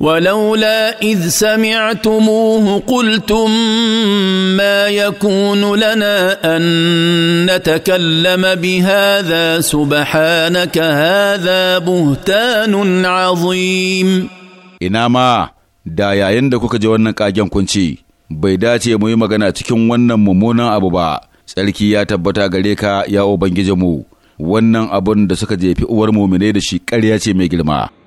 ولولا اذ سمعتموه قلتم ما يكون لنا ان نتكلم بهذا سبحانك هذا بهتان عظيم ina ma da yayin da kuka ji wannan kagen kunci bai dace mu yi magana cikin wannan mummunan abu ba tsarki ya tabbata gare ka ya ubangijinmu wannan abun da suka jefi uwar mumine da shi ƙarya ce mai girma